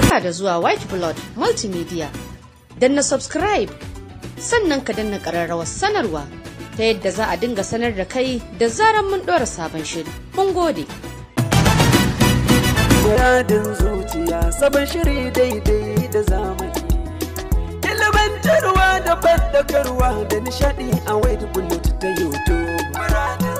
Barka da zuwa White Blood Multimedia. Danna subscribe, sannan ka danna ƙararrawar sanarwa ta yadda za a dinga sanar da kai da zarar mun ɗora sabon shiri. Mun gode. Muradin zuciya sabon shiri daidai da zamani. Ilimantarwa da bandakarwa da nishaɗi a White Blood ta YouTube.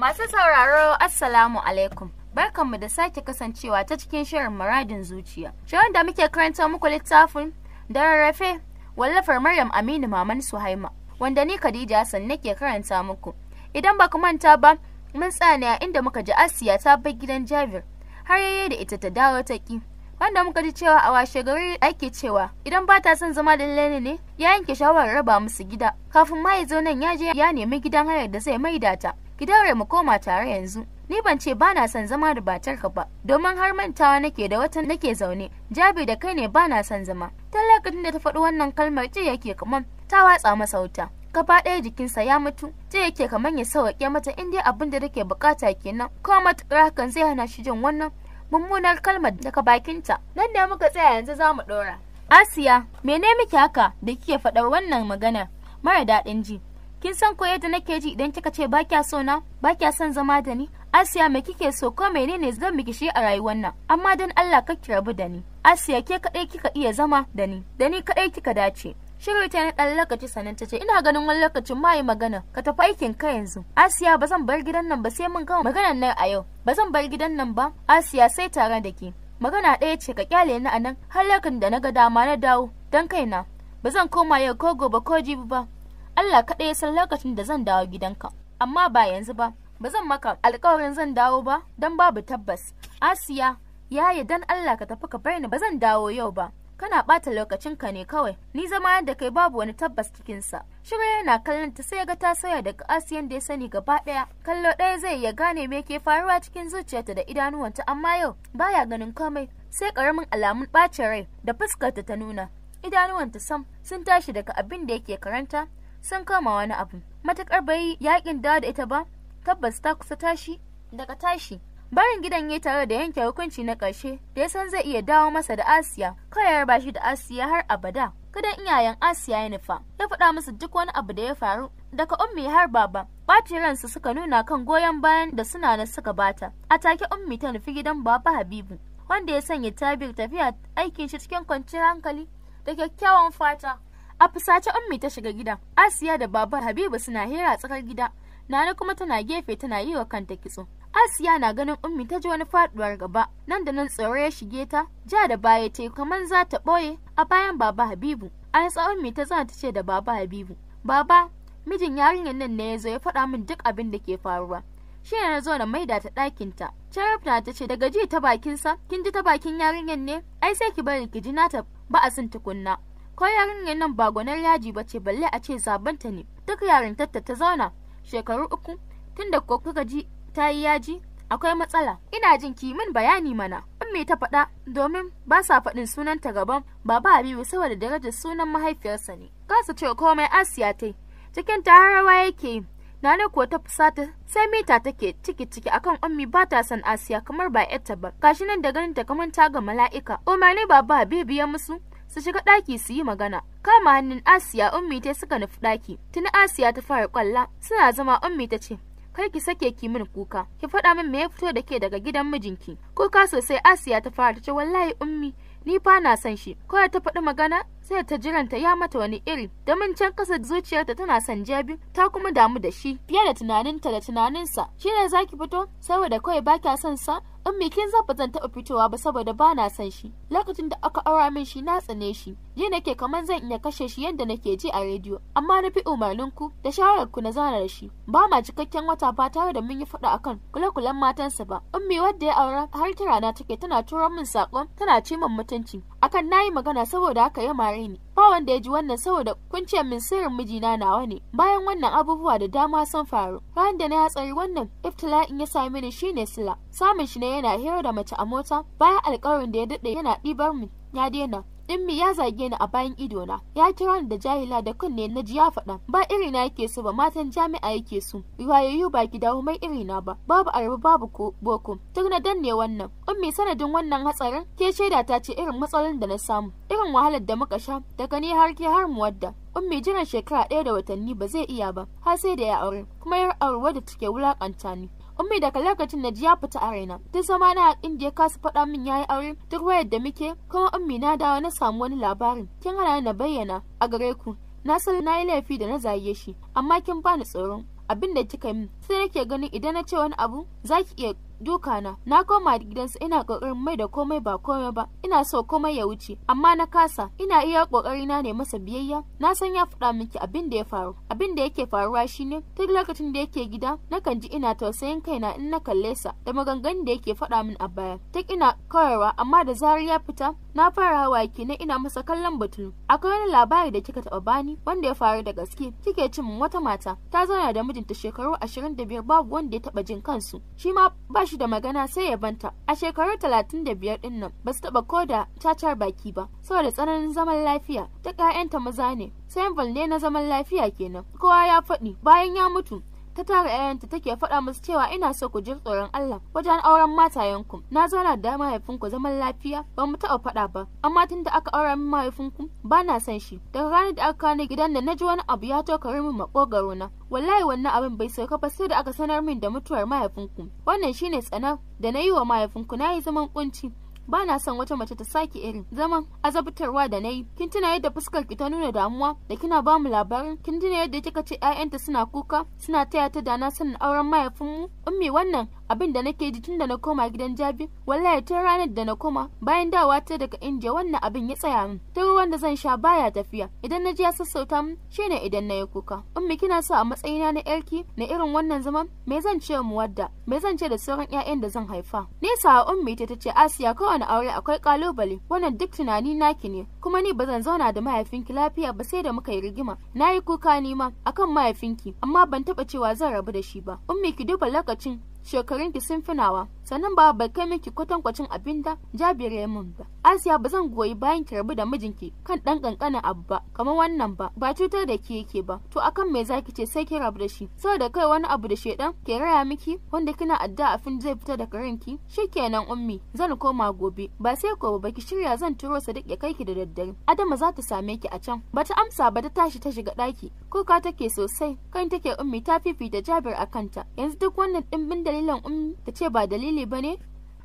Masu sauraro Assalamu alaikum. Barkanmu da sake kasancewa ta cikin shirin muradin zuciya. Shirin da muke karanta muku littafin da rarrafe wallafar Maryam Aminu Maman Suhaima wanda ni Khadija Hassan nake karanta muku. Idan ba ku manta ba mun tsane a inda muka ji Asiya ta bar gidan Jabir har yayi da ita ta dawo ta ki. Wanda muka ji cewa a washe gari ake cewa idan ba ta son zama da Lene ne ya yanke shawarar raba musu gida kafin ma ya zo nan ya je ya nemi gidan hayar da zai maida ta. ki daure mu koma tare yanzu ni ban ce ba na son zama da batarka ba domin har mantawa nake da watan nake zaune jabi da kai ne ba na son zama tun lokacin da ta faɗi wannan kalmar ce yake kaman ta watsa masa wuta gaba ɗaya jikinsa ya mutu ce yake kaman ya sauƙe mata in dai abin da take bukata kenan ko matuƙar hakan zai hana shi jin wannan mummunar kalmar daga bakinta nan da muka tsaya yanzu za mu ɗora asiya mene muke haka da kike faɗar wannan magana mara daɗin ji kin san ko yadda nake ji idan kika ce ba kya so na ba son zama da ni Asiya me kike so ko menene zan miki shi a rayuwar nan amma dan Allah ka ki rabu da ni Asiya ke kadai kika iya zama da ni da ni kadai kika dace Shiru ta na ɗan lokaci sannan ta ce ina ganin wani lokacin ma yi magana ka tafi aikin ka yanzu. Asiya ba zan bar gidan nan ba sai mun gama maganar nan a yau. Ba zan bar gidan nan ba Asiya sai tare da ke. Magana ɗaya ce ka kyale ni a nan har lokacin da na ga dama na dawo don kaina. Ba zan koma yau ko gobe ko jibi ba. Allah kaɗai ya san lokacin da zan dawo gidanka amma ba yanzu ba ba zan maka alkawarin zan dawo ba don babu tabbas Asiya yi dan Allah ka tafi ka bar ni ba zan dawo yau ba kana ɓata ka ne kawai ni zama yadda kai babu wani tabbas cikinsa shiru yana kallon ta sai ga ta soya daga asiyan da ya sani gaba ɗaya kallo ɗaya zai ya gane me ke faruwa cikin zuciyarta da idanuwanta amma yau baya ganin komai sai ƙaramin alamun ɓacin rai da fuskarta ta nuna idanuwanta sam sun tashi daga abin da yake karanta sun kama wani abu Matukar bai yakin da da ita ba tabbas ta kusa tashi daga tashi barin gidan ya tare da yanke hukunci na ƙarshe da ya san zai iya dawo masa da asiya kawai ya shi da asiya har abada gidan iyayen asiya ya nufa ya faɗa musu duk wani abu da ya faru daga ummi har baba ɓaci ransu suka nuna kan goyon bayan da suna na suka bata a take ummi ta nufi gidan baba habibu wanda ya sanya tabir tafiya aikin shi cikin kwanciyar hankali da kyakkyawan fata A fusace ummi ta shiga gida Asiya da babar Habibu suna hira tsakar gida. Nana kuma tana gefe tana yi wa kanta kitso. Asiya na ganin ummi ta ji wani faduwar gaba. Nan da nan tsoro ya shige ta, ja da baya ta kamar za ta boye a bayan baba Habibu. A tsawon ummi ta zana ta ce da baba Habibu. Baba, mijin yarinyar nan ne ya zo ya faɗa min duk abin da ke faruwa. Shi na zo na maida ta ɗakinta. na ta ce daga ji ta bakinsa, kin ji ta bakin yarinyar ne? Ai sai ki bari ki ji nata ba a sun tukunna. ko yarinyar nan ba gwanar yaji ba ce balle a ce zabanta ne duk yarintarta ta zauna shekaru uku tunda ko kuka ji ta yi yaji akwai matsala ina jin kimin bayani mana ummi ta faɗa domin ba sa faɗin sunanta gaban baba habibu saboda darajar sunan mahaifiyarsa ne kasa ce komai asiya ta cikin harawa yake ne kuwa ta fusata sai mita take ciki ciki akan ummi ba ta san Asiya kamar ba yarta ba. Kashi nan da ganin ta kamar ta ga mala'ika. ne baba Habibu ya musu su shiga ɗaki su yi magana. Kama hannun Asiya ummi ta suka nufi ɗaki. Tuni Asiya ta fara kwalla suna zama ummi ta ce kai ki sake ki min kuka ki faɗa min me ya fito da ke daga gidan mijinki kuka sosai asiya ta fara ta ce wallahi ummi ni fa na san shi kawai ta faɗi magana sai ta jiranta ya mata wani iri da mun can kasa zuciyarta tana son jabi ta kuma damu da shi fiye da tunaninta da tunaninsa shi ne zaki fito saboda kawai ba kya son sa ummi kin ba zan taɓa fitowa ba saboda ba na son shi lokacin da aka aura min shi na tsane shi Ni nake kaman zan iya kashe shi yadda nake ji a rediyo amma na fi umarninku da shawararku na zana da shi ba ma cikakken wata ba tare da mun yi faɗa akan kule-kulen matansa ba ummi wadda ya aura har kirana take tana turo min saƙon tana ce min mutunci hakan yi magana saboda haka ya mare ni ba wanda ya ji wannan saboda kun ce min sirrin mijina nawa ne bayan wannan abubuwa da dama sun faru ran da na ya hatsari wannan iftila'in ya sami ni shine sila samun shi ne yana hira da mace a mota bayan alƙawarin da ya daɗe yana ɗibar mu ya daina Ɗimmi ya zage ni a bayan idona, ya kira ni da jahila da kunne na ji ya faɗa, ba irina yake so ba matan jami'a yake so, wayayyu ba ki dawo mai irina ba, babu arba babu ko boko, tun na danne wannan. Ummi sanadin wannan hatsarin, ke shaida ta ce irin matsalolin da na samu, irin wahalar da muka sha, daga ni har ke har mu wadda. Ummi jiran shekara ɗaya da watanni ba zai iya ba, har sai da ya aure, kuma yar aure wadda take wulakanta ni. ummi daga lokacin na jiya ya fita a raina tun zama na hakin da ya kasa faɗa min ya yi aure duk wayar da muke kuma ummi na dawo na samu wani labarin kin hana na bayyana a gare ku na san na yi laifi da na zaye shi amma kin bani tsoron abin da kika min sai nake ganin idan na ce wani abu zaki iya duka na na koma gidansa ina kokarin mai da komai ba komai ba ina so komai ya wuce amma na kasa ina iya kokari na ne masa biyayya na san ya faɗa miki abin da ya faru abin da yake faruwa shine duk lokacin da yake gida nakan ji ina tausayin kaina in na kalle sa da maganganun da yake faɗa min a baya duk ina kawarwa amma da zarar ya fita na fara hawa na ina masa kallon batulu akwai wani labari da kika taɓa bani wanda ya faru da gaske kike cin wata mata ta zauna da mijinta shekaru ashirin da biyar babu wanda ya taba jin kansu shi ma ba shi da magana sai ya banta a shekaru talatin 35 din nan ba su taba koda cacar baki ba saboda tsananin zaman lafiya duk 'ya'yanta maza ne Sai ne na zaman lafiya kenan kowa ya faɗi bayan ya mutu ta tara 'ya'yanta take faɗa musu cewa ina so ku ji tsoron Allah wajen auren matayenku na zauna da mahaifinku zaman lafiya ba mu taɓa faɗa ba amma tun da aka aura min mahaifinku ba na son shi daga ranar da aka kawo gidan da na ji wani abu ya tokare min maƙogaro na wallahi wannan abin bai sauka ba sai da aka sanar min da mutuwar mahaifinku wannan shine tsana da na yi wa mahaifinku na yi zaman kunci ba na son wata mace ta sake irin zaman azabtarwa da na yi kin tuna yadda fuskar ki ta nuna damuwa da kina ba mu labarin kin tuna yadda kika ce 'ya'yanta suna kuka suna taya ta da na sanin auren mahaifinmu ummi wannan abin da nake ji tun da na koma gidan jabi wallahi tun ranar da na koma bayan dawa ta daga injiya wannan abin ya tsaya min Tun ruwan da zan sha baya tafiya idan na ji ya sassauta min shine idan na yi kuka ummi kina so a matsayina na yarki na irin wannan zaman me zan ce mu wadda me zan ce da sauran ƴaƴan da zan haifa nesa ummi ta tace asiya kowane aure akwai kalubale wannan duk tunani naki ne kuma ni ba zan zauna da mahaifinki lafiya ba sai da muka yi rigima na yi kuka nima akan mahaifinki amma ban taba cewa zan rabu da shi ba ummi ki duba lokacin shekarunki sun fi sannan ba bai kai miki kwatankwacin abin da jabir ya min ba asiya ba zan goyi bayan ki rabu da mijinki kan dan kankanin abu ba kamar wannan ba ba cutar da ki yake ba to akan me zaki ce sai ki rabu da shi da kai wani abu da shedan ke raya miki wanda kina adda afin zai fita daga ranki shikenan ummi zan koma gobe ba sai ko ba ki shirya zan turo sa duk ya kai ki da daddare adama za ta same ki a can ba ta amsa ba ta tashi ta shiga daki kuka take sosai kan take ummi ta fifita jabir a kanta yanzu duk wannan dimbin dalilan ummi ta ce ba dalili ne ba ne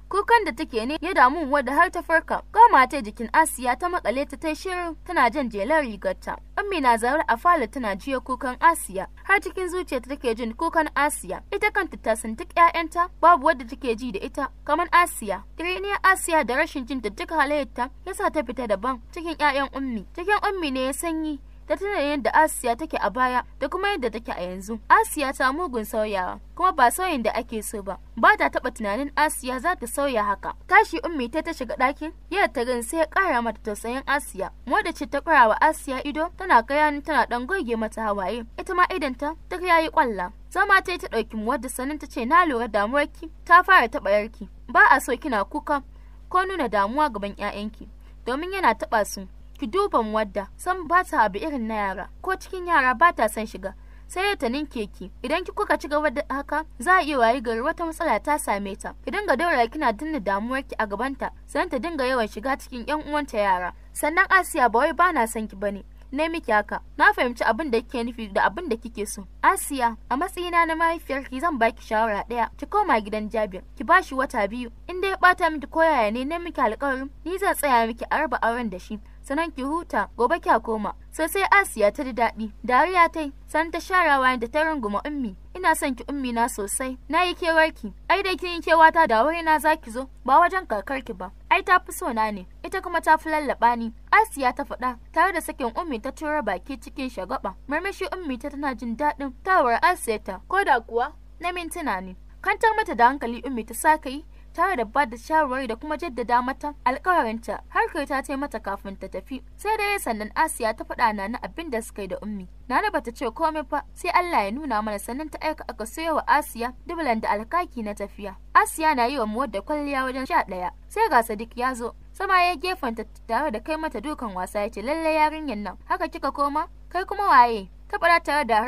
kukan da take ne ya damu wadda har ta farka Goma ta jikin asiya ta makale ta ta shirin tana jan jelar rigarta ummi na zaure a falo tana jiya kukan asiya har cikin zuciyarta take jin kukan asiya ita kanta ta san duk ƴaƴanta babu wadda take ji da ita kamar asiya Tiriniya asiya da rashin jin da duk halayyarta yasa ta fita daban cikin yayan ummi cikin ummi ne ya sanyi ta tuna yadda Asiya take a baya da kuma yadda take a yanzu. Asiya ta mugun sauyawa kuma ba sauyin da ake so ba. Ba ta taɓa tunanin Asiya za ta sauya haka. Tashi ummi ta ta shiga ɗakin yadda ta gan sai ya ƙara mata tausayin Asiya. da ce ta ƙara wa Asiya ido tana ni tana ɗan goge mata hawaye. Ita ma idanta ta yayi ƙwalla. Zama ta yi ta ɗauki wadda sanin ta ce na lura damuwar ki ta fara taɓa yarki. Ba a so kina kuka ko nuna damuwa gaban 'ya'yanki domin yana taɓa su. ki duba mu wadda san ba ta abu irin na yara ko cikin yara ba ta son shiga sai ta ninke ki idan ki kuka ci gaba da haka za a iya wayi gari wata matsala ta same ta ki dinga daura kina dinna damuwar ki a gaban ta sannan ta dinga yawan shiga cikin yan uwanta yara sannan asiya ba wai ba na son ki bane ne miki haka na fahimci abin da kike nufi da abin da kike so asiya a matsayina na ki zan baki shawara daya ki koma gidan jabir ki bashi wata biyu in dai ya bata miki koyaya ne ne miki alƙawarin ni zan tsaya miki a raba auren da shi sanan ki huta gobe kya koma sai sai asiya ta ji daɗi dariya ta yi sanan ta share wayan da ta runguma ummi ina son ki ummi na sosai na yi ki. ai da kin yi ta da wuri na za ki zo ba wajen kakar ki ba ai ta fi so na ne ita kuma ta fi lallaɓa ni asiya ta faɗa tare da sakin ummi ta tura baki cikin shagaba marmashi ummi ta tana jin daɗin tawar asiya ta ko da kuwa na mintuna ne kantar mata da hankali ummi ta ka yi tare da ba da shawarwari da kuma jaddada mata alkawarinta har kai ta tai mata kafin ta tafi sai dai sannan asiya ta faɗa na abin da suka yi da ummi nana bata ce komai fa sai Allah ya nuna mana sannan ta aika aka sayo wa asiya dubulan da alkaki na tafiya asiya na yi wa muwar da kwalliya wajen sha ɗaya sai ga sadiq ya zo sama ya gefanta tare da kai mata dukan wasa ya ce lallai yarinyar nan haka kika koma kai kuma waye ta fara tare da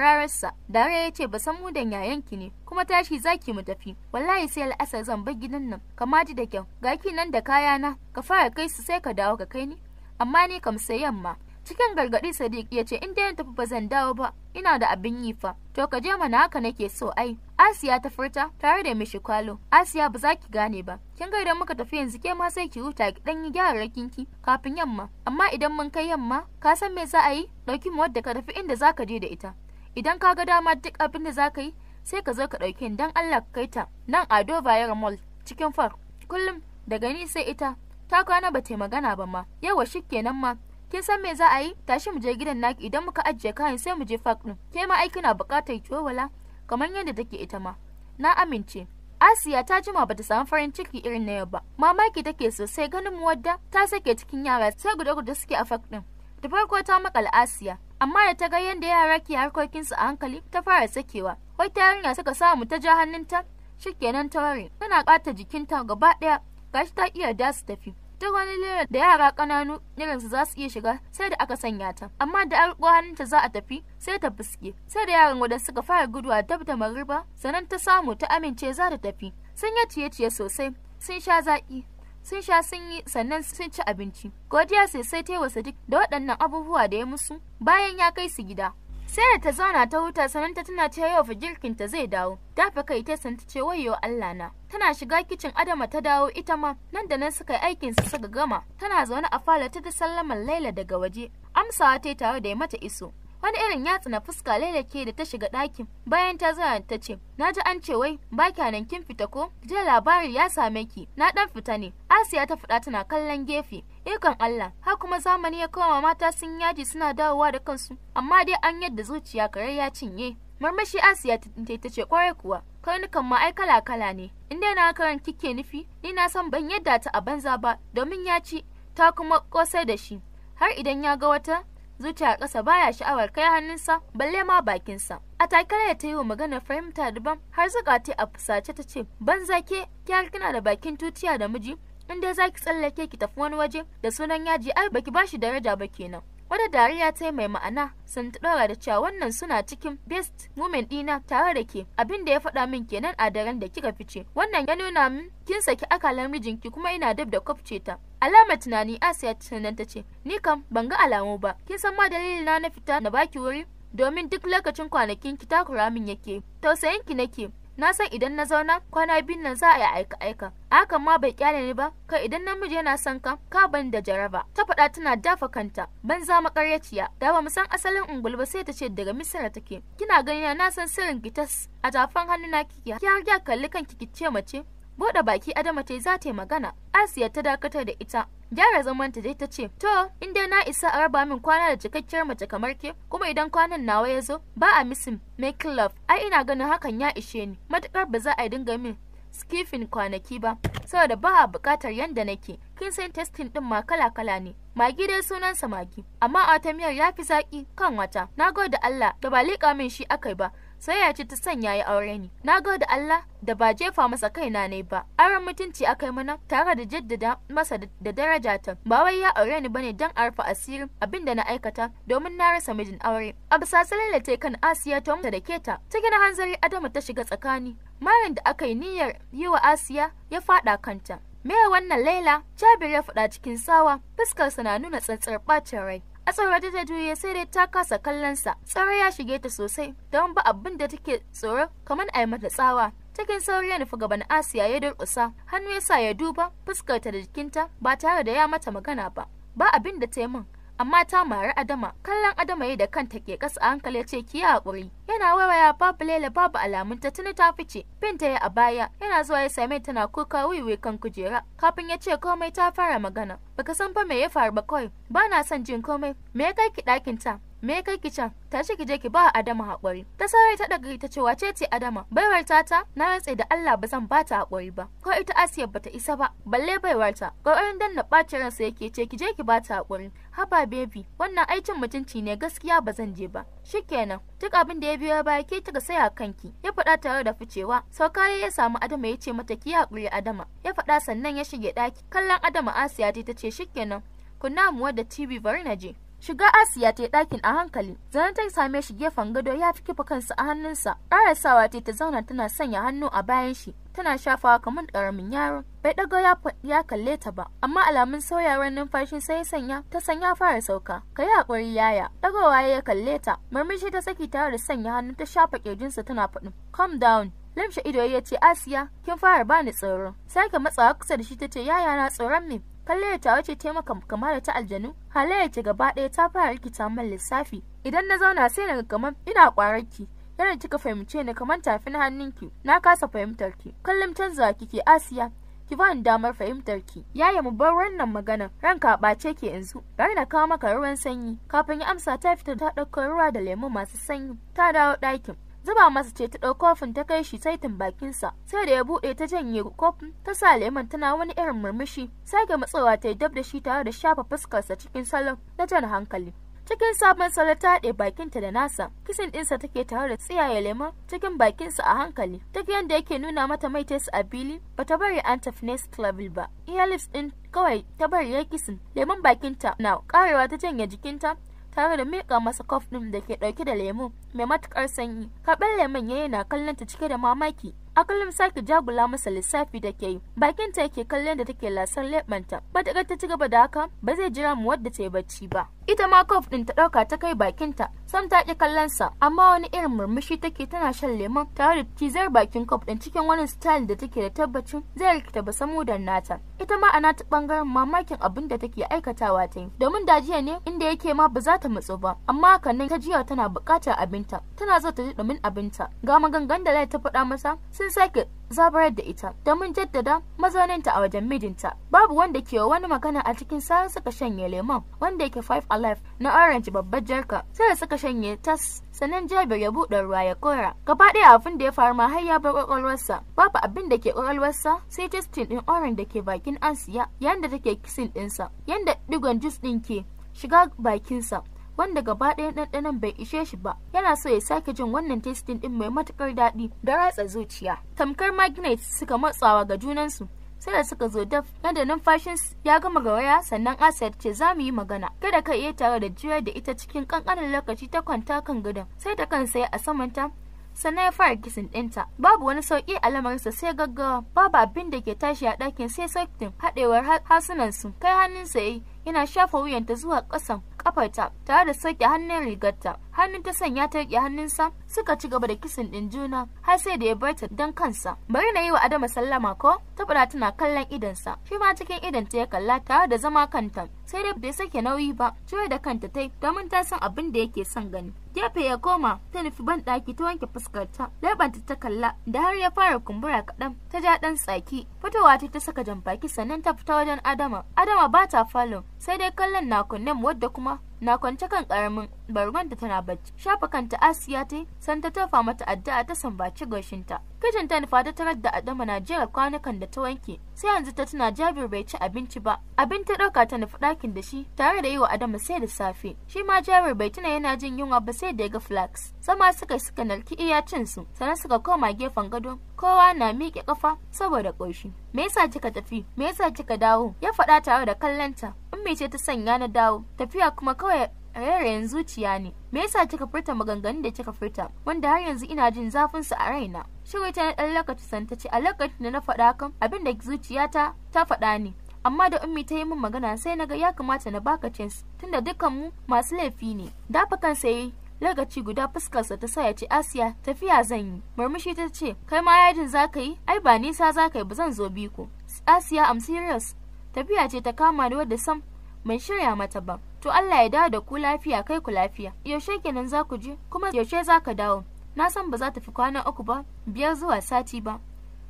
da rai ya ce ba san mu da ki ne kuma tashi zaki mu tafi wallahi sai al'asar zan bar gidan nan kama ji da kyau ga ki nan da kayana ka fara kai su sai ka dawo ka kai ni amma ni kam sai yamma cikin gargaɗi sadiq ya ce in dai tafi ba zan dawo ba ina da abin yi fa to ka je mana haka nake so ai asiya ta furta tare da mishi kwalo asiya ba za ki gane ba kin ga idan muka tafi yanzu ke ma sai ki huta ki dan yi gyararrakin ki kafin yamma amma idan mun kai yamma ka san me za a yi dauki mu wadda ka tafi inda za ka je da ita idan ka ga dama duk abin da za ka yi sai ka zo ka ɗauki. ni dan Allah ka kai ta nan ado bayero mall cikin far kullum daga ni sai ita ta kwana ba ta magana ba ma yawa shikenan ma kin san me za a yi tashi mu je gidan naki idan muka ajiye kayan sai mu je fak din ke ma aiki na bukatar tsowala kamar yadda take ita ma na amince Asiya ta jima bata samu farin ciki irin na yau ba. Mamaki take sosai ganin mu wadda ta sake cikin yara sai guda-guda suke a fak din. Da farko ta makala Asiya, amma da ta ga yadda yara ke harkokin su a hankali ta fara sakewa. ta yarinya suka samu ta ja hannunta, shikenan ta ware. Tana ƙata jikinta gaba ɗaya, gashi ta iya da su tafi. duk wani lera da yara kananu su za su iya shiga sai da aka sanya ta amma da an hannunta za a tafi sai ta fuske sai da yaran wadanda suka fara guduwa dab da mariba sannan ta samu ta amince za ta tafi sun yi ciye-ciye sosai sun sha zaƙi sun sha sun yi sannan sun ci abinci godiya sai sai ta yi wasu duk da waɗannan abubuwa da ya musu bayan ya kai su gida sai da ta zauna ta huta sannan ta tana ce yau girkin ta zai dawo dafa kai ta san ta ce wayo Allah na tana shiga kicin adama ta dawo ita ma nan da nan suka yi aikin su suka gama tana zaune a falo ta da sallaman Laila daga waje amsawa ta tare da mata iso wani irin yatsa na fuska Laila ke da ta shiga ɗakin bayan ta zauna ta ce na ji an ce wai ba nan kin fita ko jiya labari ya same ki na dan fita ne Asiya ta fada tana kallon gefe ikon Allah har kuma zamani ya koma mata sun yaji suna dawowa da kansu amma dai an yadda zuciya kare ya cinye marmashi Asiya ta ce kwarai kuwa karnukan ma ai kala kala ne in dai na karan kike nufi ni na san ban yadda ta a banza ba domin ya ci ta kuma kosai da shi har idan ya ga wata zuciya ƙasa baya sha'awar kai hannunsa balle ma bakinsa a takara ta yi wa magana fahimta daban har zuka ta a fusace ta ce banza ke kyar kina da bakin tuciya da miji in dai zaki tsallake ki tafi wani waje da sunan yaji ai baki bashi daraja ba kenan wata dariya ta mai ma'ana sun ɗora da cewa wannan suna cikin best women dina. tare da ke abin da ya faɗa min kenan a daren da kika fice wannan ya nuna min kin saki akalar mijinki kuma ina dab da kwafce ta alama tunani asiya tunan ta ce ni kam ban ga alamu ba kin san ma na na fita na baki wuri domin duk lokacin kwanakin ki takura min yake tausayin ki nake na san idan na zauna kwana biyu nan za a yi aika aika hakan ma bai kyale ni ba kai idan namiji yana son ka ka ban da jaraba ta faɗa tana dafa kanta ban za makaryaciya da ba mu san asalin ungul ba sai ta ce daga misira take kina gani na san sirrin gitas a tafan hannuna kike ki har ya kalli kanki ki ce mace bude baki Adama ta yi za ta yi magana. Asiya ta dakatar da ita. Gyara zamanta ta dai ta ce, "To, in dai na isa a raba min kwana da cikakkiyar mace kamar ke, kuma idan kwanan nawa ya zo, ba a misin make love. Ai ina ganin hakan ya ishe ni. Matukar ba za a yi dinga min skifin kwanaki ba, saboda ba a buƙatar yanda nake. Kin san testing din ma kala-kala ne. Magi dai sunansa magi, amma a wata miyar ya fi zaƙi kan wata. Na gode Allah da ba liƙa min shi akai ba, sai ya ci ta sanya ya aure ni na gode Allah da ba jefa masa kaina ne ba aron mutunci aka yi mana tare da jaddada masa da daraja ta ba wai ya aure ni bane dan arfa asirin abinda na aikata domin na rasa mijin aure absa ta kan Asiya ta da keta ta gina hanzari Adamu ta shiga tsakani marin da aka yi niyyar yi wa Asiya ya fada kanta me wannan Laila Jabir ya faɗa cikin sawa fuskarsa na nuna tsantsar bacin rai a da ta juye sai dai ta kasa kallonsa tsoro ya shige ta sosai don ba abin da take tsoro kamar a mata tsawa cikin sauri ya nufi gaban asiya ya durƙusa hannu ya sa ya duba fuskarta da jikinta ba tare da ya mata magana ba ba abin da ta yi min amma ta mari Adama kallon Adama ya da kanta ke kasa hankali ce ki haƙuri yana waiwaya babu lela babu alamun ta tuni ta fice binta ya a baya yana zuwa ya same tana kuka wiwi kan kujera kafin ya ce komai ta fara magana baka san ba me ya faru ba kawai ba na son jin komai me ya kai ki ɗakin ta me kai ki can tashi ki je ki ba Adama haƙuri ta sarai ta daga ta cewa ce ce Adama baiwar tata na rantse da Allah ba zan ba ta haƙuri ba ko ita Asiya ba ta isa ba balle baiwar ta kokarin danna bacin ransa yake ce ki je ki bata haƙuri haba baby wannan aikin mutunci ne gaskiya ba zan je ba shikenan duk abin da ya biyo baya ke kika saya kanki ya faɗa tare da ficewa saukare ya samu Adama ya ce mata ki haƙuri Adama ya faɗa sannan ya shige ɗaki kallon Adama Asiya ta ce shikenan kunna muwa da TV bari na je Shiga Asiya ta yi ɗakin a hankali, zanen ta same shi gefen gado ya fi kifa kansa a hannunsa, ƙarasawa ta ta zauna tana sanya hannu a bayan shi, tana shafawa kamar ƙaramin yaro. Bai ɗago ya kalle ta ba, amma alamun sauyawar numfashin sai sanya ta sanya fara sauka. Ka yi haƙuri yaya, ɗagowa ya kalle ta, murmushi ta saki tare da sanya hannu ta shafa ƙirjinsa tana faɗin, calm down, lamshe ido ya ce asiya kin fara bani tsoro sai ka matsawa kusa da shi ta ce yaya na tsoron me kalle ta wace taimaka kama da ta aljanu Halayya ta gaba ɗaya ta fara rikita man lissafi idan na zauna sai na kamar ina ƙwararki yana kika fahimce ni kamar tafin hannunki na kasa fahimtar ki kallon canzawa kike asiya ki ba ni damar fahimtar ki yaya mu bar wannan magana ranka ɓace ke yanzu bari na kawo maka ruwan sanyi kafin ya amsa ta fita ta ɗauko ruwa da lemu masu sanyi ta dawo ɗakin zuba masa ce ta ɗau kofin ta kai shi saitin bakinsa sai da ya buɗe ta janye kofin ta sa lemon tana wani irin murmushi sai ga matsawa ta yi dab da shi tare da shafa fuskarsa cikin salon na jan hankali cikin sabon salo ta haɗe bakinta da nasa kisan ɗinsa take tare da tsiyaye lemon cikin bakinsa a hankali duk yadda yake nuna mata mai tes a bili ba ta bari an tafi next level ba iya lips ɗin kawai ta bari ya kisin lemon bakinta na karewa ta janye jikinta tare da miƙa masa kof ɗin da ke ɗauke da lemu mai matuƙar sanyi karɓar lemon yayi na kallon ta cike da mamaki a kullum sake jagula masa lissafi da ke yi bakin ta yake kallon da take lasar leɓanta ba ta ci gaba da haka ba zai jira mu wadda ta yi bacci ba ita ma kof ɗin ta ɗauka ta kai bakinta sam ta ƙi sa amma wani irin murmushi take tana shan lemon tare da cizar bakin kof ɗin cikin wani style da take da tabbacin zai rikita ba samudan nata ita ma ana ta bangaren mamakin abin da take aikatawa ta yi domin da jiya ne inda yake ma ba za ta matsu ba amma haka nan ta jiya tana buƙatar abinta tana zo ta ji ɗumin abinta ga magangan da ta faɗa masa sun sake zabarar da ita da mun jaddada mazauninta a wajen mijinta babu wanda ke wani magana a cikin sa suka shanye lemon wanda yake five alive na orange babbar jarka sai suka shanye tas sannan jabir ya buɗe ruwa ya kora gaba ɗaya abin da ya faru ma har ya bar kwakwalwarsa babu abin da ke kwakwalwarsa sai justin ɗin orange da ke bakin ansiya yanda take kisin ɗinsa yanda ɗigon jus ɗin ke shiga bakinsa wanda gaba ɗayan ɗanɗanon bai ishe shi ba yana so ya sake jin wannan tasting ɗin mai matukar daɗi da ratsa zuciya tamkar magnet suka matsawa ga junansu sai da suka zo daf yadda numfashin ya gama waya sannan asad ce za mu yi magana kada ka iya tare da juyar da ita cikin kankanin lokaci ta kwanta kan gadon sai ta kan sai a samanta sannan ya fara kisin ɗinta babu wani sauƙi a lamarinsa sai gaggawa babu abin da ke tashi a ɗakin sai sauƙin haɗewar harsunansu kai hannunsa yayi yana shafa wuyanta zuwa ƙasan kafarta tare da sauke hannun rigarta hannun ta sanya ta rike hannunsa suka ci gaba da kisin ɗin juna har sai da ya bar ta don kansa bari na yi wa adama sallama ko ta tana kallon idonsa shi ma cikin idonta ya kalla tare da zama kanta sai dai bai sake nauyi ba cewa da kanta ta domin ta san abin da yake son gani gefe ya koma ta nufi ban ɗaki ta wanke fuskarta laibanta ta kalla da har ya fara kumbura kaɗan ta ja ɗan tsaki fitowa ta ta saka jan baki sannan ta fita wajen adama adama ba ta falon sai dai kallon na kunnen wadda kuma na kwance kan karamin bargon da tana bacci shafa kanta asiya ta san ta tafa mata addu'a ta sambaci goshinta kicin ta nufa ta tarar da adama na jera kwanukan da ta wanke sai yanzu ta tuna jabir bai ci abinci ba abin ta dauka ta nufi ɗakin da shi tare da yi wa adama sai da safe shi ma jabir bai tuna yana jin yunwa ba sai da ya ga flax sama suka suka nalki iya cin su sannan suka koma gefen gado kowa na miƙe kafa saboda ƙoshi me yasa kika tafi me yasa kika dawo ya faɗa tare da kallon ummi ce ta sanya na dawo tafiya kuma kawai rairayin zuciya ne me yasa kika furta maganganun da kika furta wanda har yanzu ina jin zafin su a raina shiru ta na dan lokaci san ta ce a lokacin da na faɗa hakan abin da zuciyata ta faɗa ne amma da ummi ta yi min magana sai na ga ya kamata na baka chance tunda dukkan mu masu laifi ne dafa kan sai lokaci guda fuskarsa ta sa ce asiya tafiya zan yi murmushi ta ce kai ma yajin za ka yi ai ba nisa za ka yi ba zan zo biko asiya am serious tafiya ce ta kama da wadda sam ban shirya mata ba to Allah ya dawo da ku lafiya kai ku lafiya yaushe kenan za ku je kuma yaushe za ka dawo na san ba za ta fi kwana uku ba biyar zuwa sati ba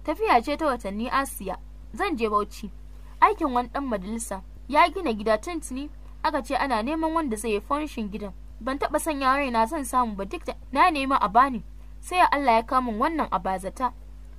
tafiya ce ta watanni asiya zan je bauchi aikin wani dan majalisa ya gina gida tuntuni aka ce ana neman wanda zai yi furnishin gidan ban taba sanya na zan samu ba duk da na nema a bani sai Allah ya kamun wannan abazata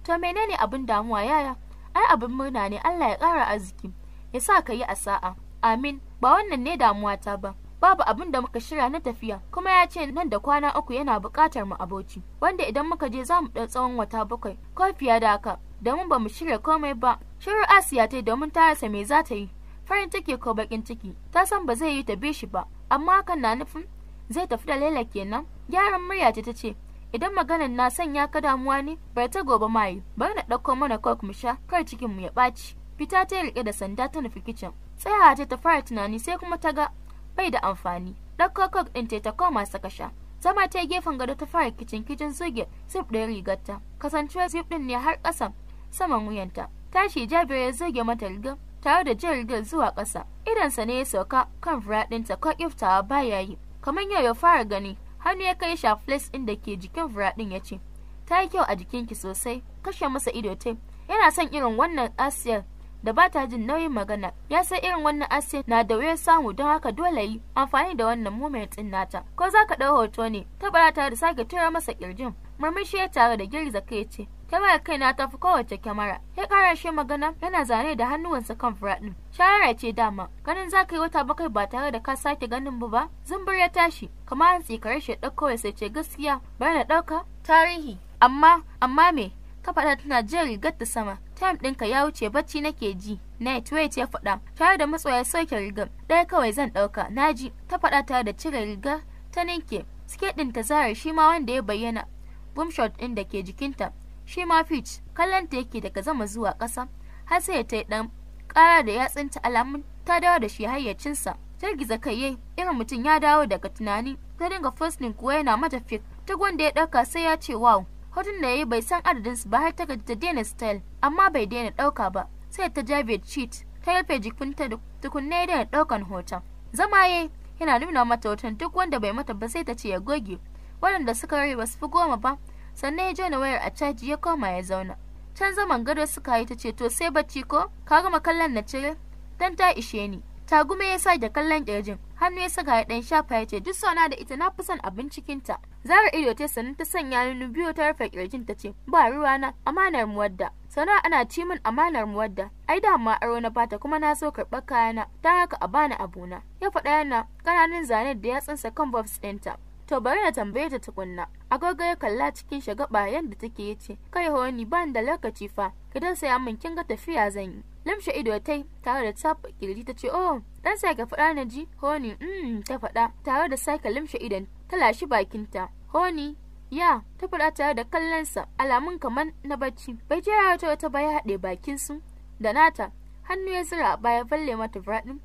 to menene abin damuwa yaya ai abin murna ne Allah ya ƙara arziki ya sa ka yi a sa'a amin ba wannan ne damuwa ta ba babu abin da muka shirya na tafiya kuma ya ce nan da kwana uku yana buƙatar mu aboci wanda idan muka je za mu ɗan tsawon wata bakwai ko fiye da haka domin ba mu shirya komai ba shiru asiya ta yi domin ta rasa me za ta yi farin ciki ko baƙin ciki ta san ba zai yi ta bi shi ba amma hakan na nufin zai tafi da laila kenan gyaran murya ta ce idan maganan na sanya ka damuwa ne bar ta gobe mayu bari na ɗauko mana coke mu sha kar cikin mu ya ɓaci fita ta rike da sanda ta nufi kicin tsayawa ta fara tunani sai kuma ta ga bai da amfani ɗauko kok ɗin ta koma saka sha zama ta gefen gado ta fara kicin kicin zuge zip ɗin rigarta kasancewa sif ɗin ne har ƙasa saman wuyanta tashi jabir ya zuge mata rigar tare da jan rigar zuwa ƙasa sa ne ya sauka kan fura ɗinta ko iftawa baya yi kamar yau ya fara gani hannu ya kai sha flex ɗin da ke jikin fura ɗin ya ce ta yi kyau a jikinki sosai kashe masa ido tai yana son irin wannan asiyar da ba ta jin nauyin magana ya san irin wannan asin na da wuyar samu don haka dole yi amfani da wannan moment din nata ko za ka ɗau hoto ne ta bara ta da sake tura masa kirjin murmushi ya tare da girgiza ya ce kyamara kai na tafi kowace kyamara ya kara shi magana yana zane da hannuwansa kan fura ɗin shawara ce dama ganin za ka yi wata bakwai ba tare da ka sake ganin ba ba zumbur ya tashi kamar an tsikare shi ya ɗauko sai ce gaskiya bari na ɗauka tarihi amma amma me ta faɗa tana jin rigar ta sama time ɗinka ya wuce bacci nake ji night wait ya faɗa tare da matsoya sauke rigar ɗaya kawai zan ɗauka na ji ta faɗa tare da cire riga ta ninke suke ɗin ta zara shi ma wanda ya bayyana boomshot ɗin da ke jikinta shi ma fit kallon ta yake daga zama zuwa ƙasa har sai ta yi ɗan ƙara da yatsunta alamun ta dawo da shi hayyacinsa girgiza kai yayi irin mutum ya dawo daga tunani ta dinga fosnin kuwa yana mata fik duk wanda ya ɗauka sai ya ce wow hotun da ya yi bai san adadin su ba har ta gaji ta daina style amma bai daina ɗauka ba sai ta ja sheet ta rufe jikinta da tukunne ya daina ɗaukan hoton zama ya yana nuna mata hoton duk wanda bai mata ba sai ta ce ya goge waɗanda suka rage ba su fi goma ba sannan ya jona wayar a caji ya koma ya zauna can zaman gado suka yi ta ce to sai bacci ko ka gama kallon na cire dan ta ishe ni tagume ya sa da kallon kirjin hannu ya saka ya dan shafa ya ce duk sona da ita na fi son abin cikinta zarar ido ta sannan ta sanya nunu biyu ta rufe kirjin ta ce ba ruwa na amanar muwadda sana ana ci min amanar muwadda ai da ma aro na bata kuma na so karɓar kayana ta haka a bani na. ya faɗa yana kananan zane da tsinsa kan bobs ɗinta to bari na tambaye ta tukunna agogo ya kalla cikin shagaba yadda take yace kai honi ban da lokaci fa kidan saya min kin ga tafiya zan yi lamshe ido ta tare da tap kirji ta ce oh dan sai ka faɗa na ji honi mm ta faɗa tare da sake lamshe idan ta lashi bakinta honi ya ta faɗa tare da kallon sa alamun kaman na bacci bai jira ta wata baya haɗe su da nata hannu ya zura baya balle mata faɗin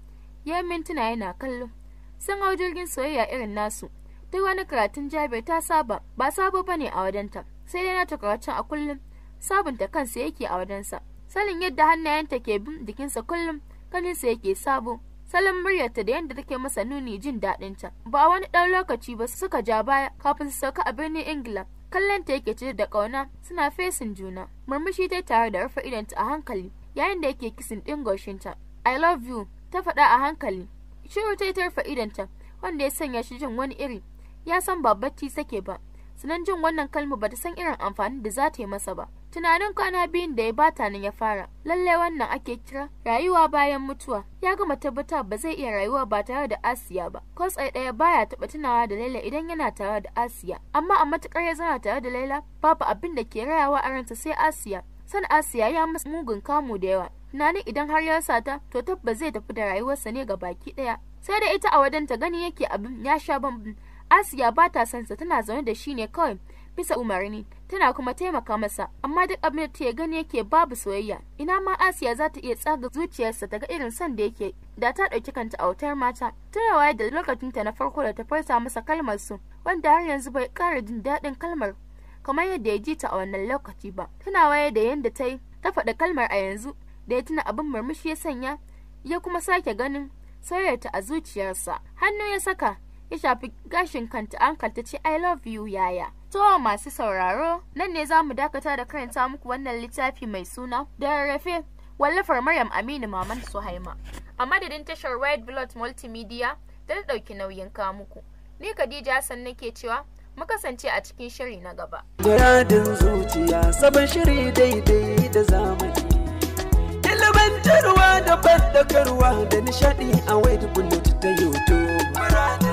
ya mintuna yana kallo sun hau jirgin soyayya irin nasu duk wani karatun jabir ta saba ba sabo bane a wadanta sai dai nata karatun a kullum sabunta kansa yake a wadansa sanin yadda hannayenta ke bin jikinsa kullum kaninsa yake sabo salon muryarta da yadda take masa nuni jin daɗinta. ta ba wani ɗan lokaci ba suka ja baya kafin su sauka a birnin ingila kallon ta yake cire da ƙauna suna fesin juna murmushi ta tare da rufe idonta a hankali yayin da yake kisin ɗin goshinta i love you ta faɗa a hankali shiru ta yi ta rufe idonta wanda ya sanya shi jin wani iri ya san babbar ti sake ba sanan jin wannan kalma bata san irin amfanin da za ta yi masa ba tunanin kwana biyun da ya bata nan ya fara lallai wannan ake kira rayuwa bayan mutuwa ya gama tabbata ba zai iya rayuwa ba tare da asiya ba ko tsaye daya baya taɓa tunawa da laila idan yana tare da asiya amma a matukar ya zana tare da laila babu abin da ke rayawa a ransa sai asiya san asiya ya masa mugun kamu da yawa tunani idan har ya sata to tabbas zai tafi da rayuwarsa ne ga baki ɗaya sai da ita a wajen ta gani yake abin ya sha bambam asiya ba ta son sa tana zaune da shi ne kawai bisa umarni tana kuma taimaka masa amma duk abin da ta gani yake babu soyayya ina ma asiya za ta iya tsaga zuciyarsa daga irin son da yake da ta ɗauki kanta a wutar mata waye da lokacinta na farko da ta farsa masa kalmar su wanda har yanzu bai ƙara jin daɗin kalmar kamar yadda ya ji ta a wannan lokaci ba Tana waye da yadda ta yi ta faɗa kalmar a yanzu da ya tuna abin murmushi ya sanya ya kuma sake ganin soyayyarta a zuciyarsa hannu ya saka ya shafi gashin kanta ankal ta ce I love you yaya. To masu sauraro, nan ne za mu dakata da karanta muku wannan littafi mai suna da rarrafe wallafar Maryam Aminu Maman Suhaima. A madadin tashar White Blood Multimedia ta ɗauki nauyin kamuku, muku. Ni Khadija Hassan nake cewa mu kasance a cikin shiri na gaba. Guradin zuciya sabon shiri daidai da zamani. Ilimantarwa da bandakarwa da nishadi a White Blood ta YouTube.